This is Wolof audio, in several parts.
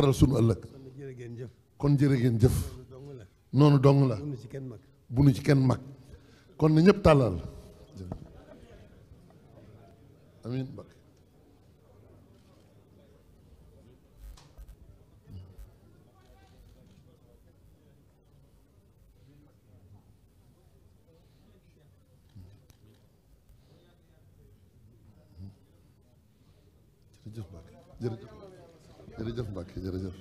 faral sunu ëllëg kon jërë ngeen jëf noonu dong la bu nu ci kenn mag kon na ñëpp tàllal amin Mbakke jërëjëf Mbakke jërëjëf jërëjëf Mbacke jërëjëf.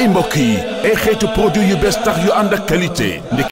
ay mbokk yi ay xeetu produit yu bees tax yu ànd ak qualité